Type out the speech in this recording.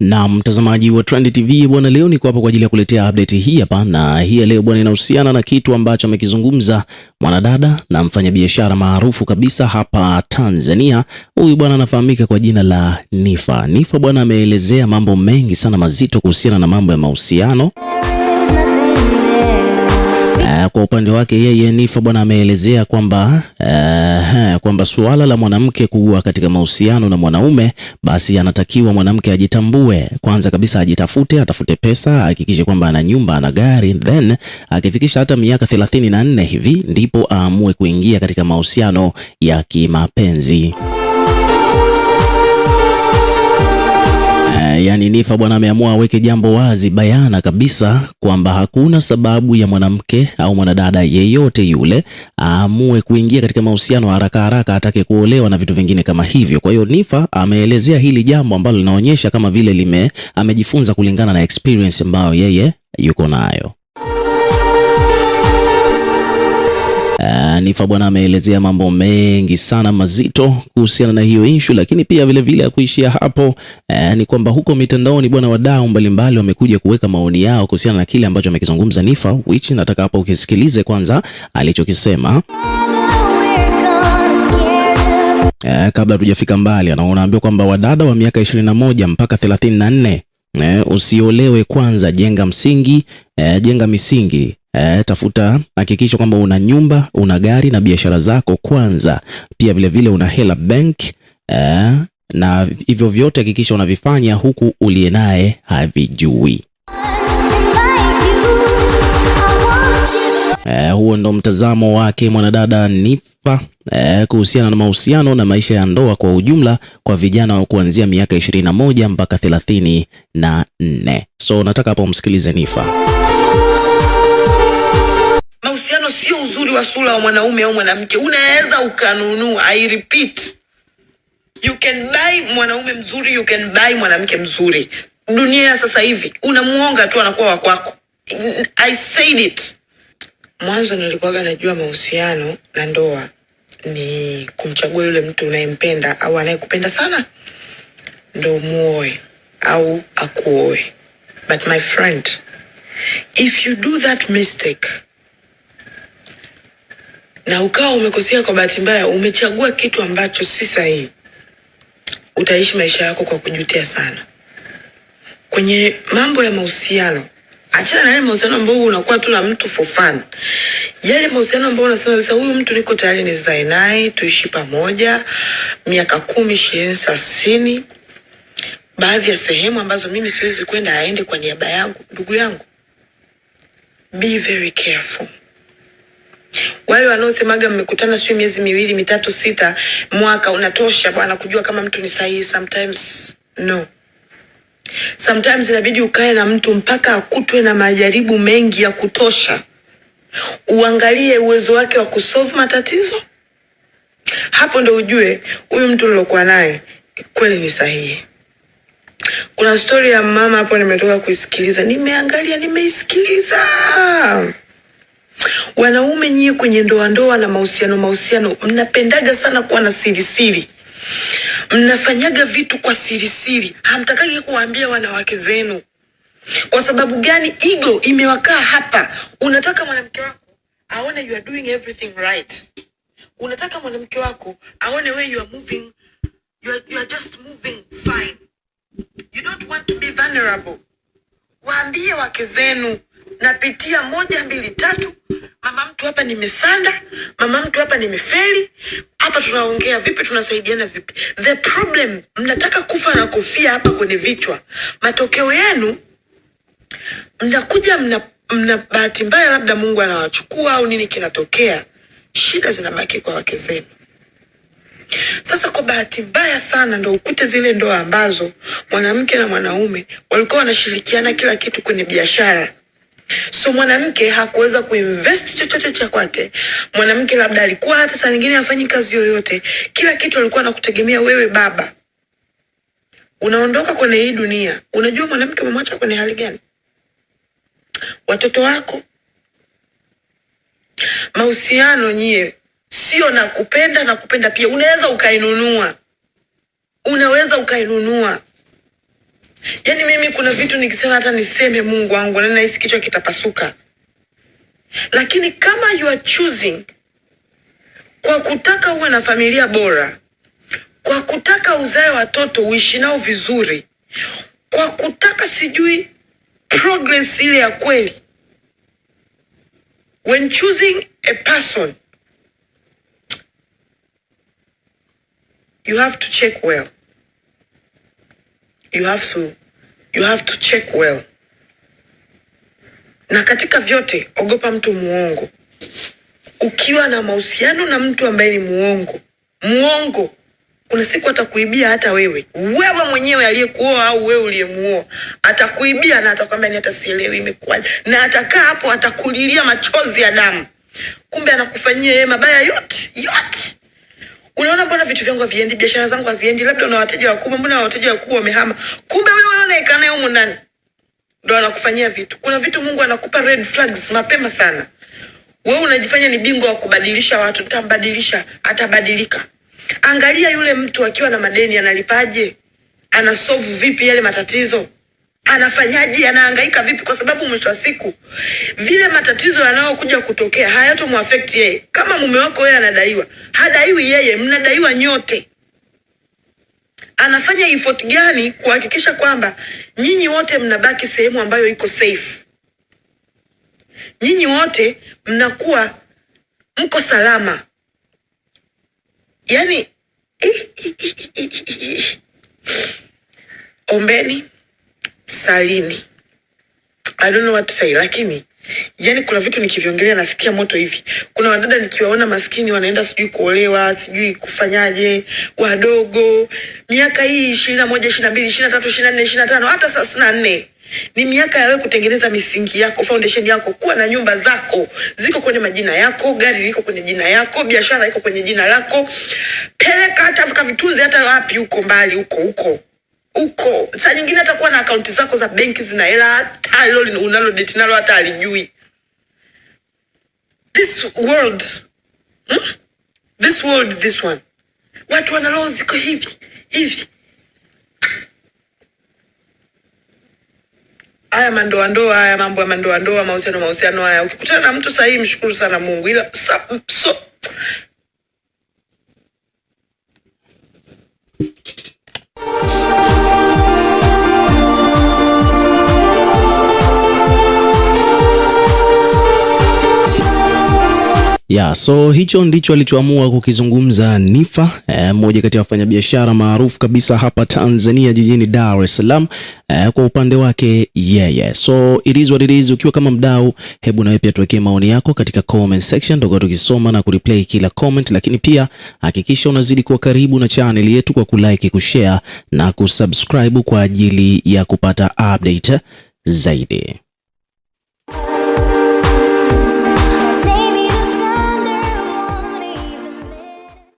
Na mtazamaji wa Trend TV bwana, leo niko hapa kwa ajili ya kuletea update hii hapa, na hii leo bwana inahusiana na kitu ambacho amekizungumza mwanadada na mfanyabiashara maarufu kabisa hapa Tanzania. Huyu bwana anafahamika kwa jina la Nifa. Nifa bwana ameelezea mambo mengi sana mazito kuhusiana na mambo ya mahusiano kwa upande wake yeye Nifa bwana ameelezea kwamba uh, kwamba suala la mwanamke kuwa katika mahusiano na mwanaume, basi anatakiwa mwanamke ajitambue kwanza kabisa, ajitafute, atafute pesa, ahakikishe kwamba ana nyumba, ana gari, then akifikisha hata miaka thelathini na nne hivi ndipo aamue kuingia katika mahusiano ya kimapenzi. yani Nifa bwana ameamua aweke jambo wazi bayana kabisa kwamba hakuna sababu ya mwanamke au mwanadada yeyote yule aamue kuingia katika mahusiano haraka haraka, atake kuolewa na vitu vingine kama hivyo. Kwa hiyo Nifa ameelezea hili jambo ambalo linaonyesha kama vile lime amejifunza kulingana na experience ambayo yeye yuko nayo. Hanifa bwana ameelezea mambo mengi sana mazito kuhusiana na hiyo issue, lakini pia vilevile ya kuishia hapo eh, ni kwamba huko mitandaoni bwana, wadau mbalimbali wamekuja kuweka maoni yao kuhusiana na kile ambacho amekizungumza Nifa, which nataka hapa ukisikilize kwanza alichokisema. Eh, kabla tujafika mbali, anaambia kwamba wadada wa miaka 21 mpaka 34 eh, usiolewe kwanza, jenga msingi eh, jenga misingi E, tafuta hakikisha kwamba una nyumba, una gari na biashara zako kwanza. Pia vile vile una hela bank e, na hivyo vyote hakikisha unavifanya huku uliye naye havijui. E, huo ndo mtazamo wake mwanadada Nifa e, kuhusiana na mahusiano na maisha ya ndoa kwa ujumla kwa vijana wa kuanzia miaka 21 mpaka 34. So nataka hapo msikilize Nifa uzuri wa sura wa mwanaume au mwanamke unaweza ukanunua. I repeat, you can buy mwanaume mzuri, you can buy mwanamke mzuri. Dunia ya sasa hivi unamuonga tu anakuwa wa kwako. I said it. Mwanzo nilikuwaga najua mahusiano na ndoa ni kumchagua yule mtu unayempenda au anayekupenda sana ndo muoe au akuoe, but my friend if you do that mistake na ukawa umekosea kwa bahati mbaya, umechagua kitu ambacho si sahihi, utaishi maisha yako kwa kujutia sana. Kwenye mambo ya mahusiano, achana na yale mahusiano ambayo unakuwa tu na mtu for fun, yale mahusiano ambayo unasema kabisa, huyu mtu niko tayari nizae naye tuishi pamoja miaka kumi, ishirini, thelathini. Baadhi ya sehemu ambazo mimi siwezi kwenda, aende kwa niaba yangu. Ndugu yangu, be very careful. Wale wanaosemaga mmekutana sio miezi miwili mitatu sita, mwaka unatosha bwana kujua kama mtu ni sahihi. Sometimes no, sometimes inabidi ukae na mtu mpaka akutwe na majaribu mengi ya kutosha, uangalie uwezo wake wa kusolve matatizo. Hapo ndo ujue huyu mtu nilokuwa naye kweli ni sahihi. Kuna stori ya mama hapo, nimetoka kuisikiliza, nimeangalia, nimeisikiliza Wanaume nyie kwenye ndoa ndoa na mahusiano mahusiano, mnapendaga sana kuwa na siri siri, mnafanyaga vitu kwa siri siri, hamtakagi kuwaambia wanawake zenu. Kwa sababu gani? Ego imewakaa hapa. Unataka mwanamke wako aone you are doing everything right, unataka mwanamke wako aone wewe you are moving, you are, you are just moving fine. You don't want to be vulnerable. Waambie wake zenu napitia moja mbili tatu mama mtu hapa nimesanda, mama mtu hapa nimefeli, hapa tunaongea vipi, tunasaidiana vipi? The problem mnataka kufa na kofia hapa kwenye vichwa. Matokeo yenu mnakuja mna, mna bahati mbaya, labda Mungu anawachukua au nini kinatokea, shida zinabaki kwa wake zenu. Sasa kwa bahati mbaya sana ndo ukute zile ndoa ambazo mwanamke na mwanaume walikuwa wanashirikiana kila kitu kwenye biashara So mwanamke hakuweza kuinvest chochote cha kwake. Mwanamke labda alikuwa hata saa nyingine hafanyi kazi yoyote, kila kitu alikuwa anakutegemea wewe baba. Unaondoka kwenye hii dunia, unajua mwanamke umemwacha kwenye hali gani? Watoto wako, mahusiano nyie sio na kupenda na kupenda pia, unaweza ukainunua, unaweza ukainunua yani mimi kuna vitu nikisema hata niseme Mungu wangu na nahisi kichwa kitapasuka. Lakini kama you are choosing kwa kutaka uwe na familia bora, kwa kutaka uzae watoto uishi nao vizuri, kwa kutaka sijui progress ile ya kweli. When choosing a person you have to check well. You have to you have to check well. Na katika vyote ogopa mtu muongo. Ukiwa na mahusiano na mtu ambaye ni muongo, muongo kuna siku atakuibia hata wewe, wewe mwenyewe aliyekuoa au wewe uliyemuoa, atakuibia na atakwambia ni hata sielewi imekuwaje, na atakaa hapo atakulilia machozi ya damu, kumbe anakufanyia yeye mabaya yote yote unaona mbona vitu vyangu haviendi, biashara zangu haziendi, labda una wateja wakubwa, mbona wateja wakubwa wamehama? Kumbe wewe unaonekana humu ndani ndo anakufanyia vitu. Kuna vitu Mungu anakupa red flags mapema sana. Wewe unajifanya ni bingwa wa kubadilisha watu, nitambadilisha, atabadilika. Angalia yule mtu akiwa na madeni, analipaje? Anasolve vipi yale matatizo? anafanyaje, anahangaika vipi? Kwa sababu mwisho wa siku vile matatizo yanayokuja kutokea hayatomwafekti yeye. Kama mume wako yeye anadaiwa, hadaiwi yeye, mnadaiwa nyote. Anafanya effort gani kuhakikisha kwamba nyinyi wote mnabaki sehemu ambayo iko safe, nyinyi wote mnakuwa mko salama? Yani, eh, eh, eh, ombeni hospitalini. I don't know what to say, lakini yani kuna vitu nikiviongelea nasikia moto hivi. Kuna wadada nikiwaona maskini wanaenda sijui kuolewa sijui kufanyaje, wadogo miaka hii ishirini na moja ishirini na mbili ishirini na tatu ishirini na nne ishirini na tano hata thelathini na nne ni miaka yawe kutengeneza misingi yako, foundation yako, kuwa na nyumba zako ziko kwenye majina yako, gari liko kwenye jina yako, biashara iko kwenye jina lako, peleka hata vikavitunze hata wapi huko mbali huko huko uko saa nyingine atakuwa na akaunti zako za benki zina hela hata unalo unalodeti nalo hata alijui. This world hmm? This world this one, watu wana roho ziko hivi hivi. Haya mandoandoa haya mambo ya ndoa mahusiano mahusiano haya, ukikutana na mtu sahihi mshukuru sana Mungu, ila so, so, Yeah, so hicho ndicho alichoamua kukizungumza Niffer, eh, mmoja kati ya wafanyabiashara maarufu kabisa hapa Tanzania jijini Dar es Salaam eh, kwa upande wake yeye. Yeah, yeah. So it is what it is. Ukiwa kama mdau, hebu nawe pia tuwekee maoni yako katika comment section, ndio tukisoma na kureply kila comment, lakini pia hakikisha unazidi kuwa karibu na channel yetu kwa kulike, kushare na kusubscribe kwa ajili ya kupata update zaidi.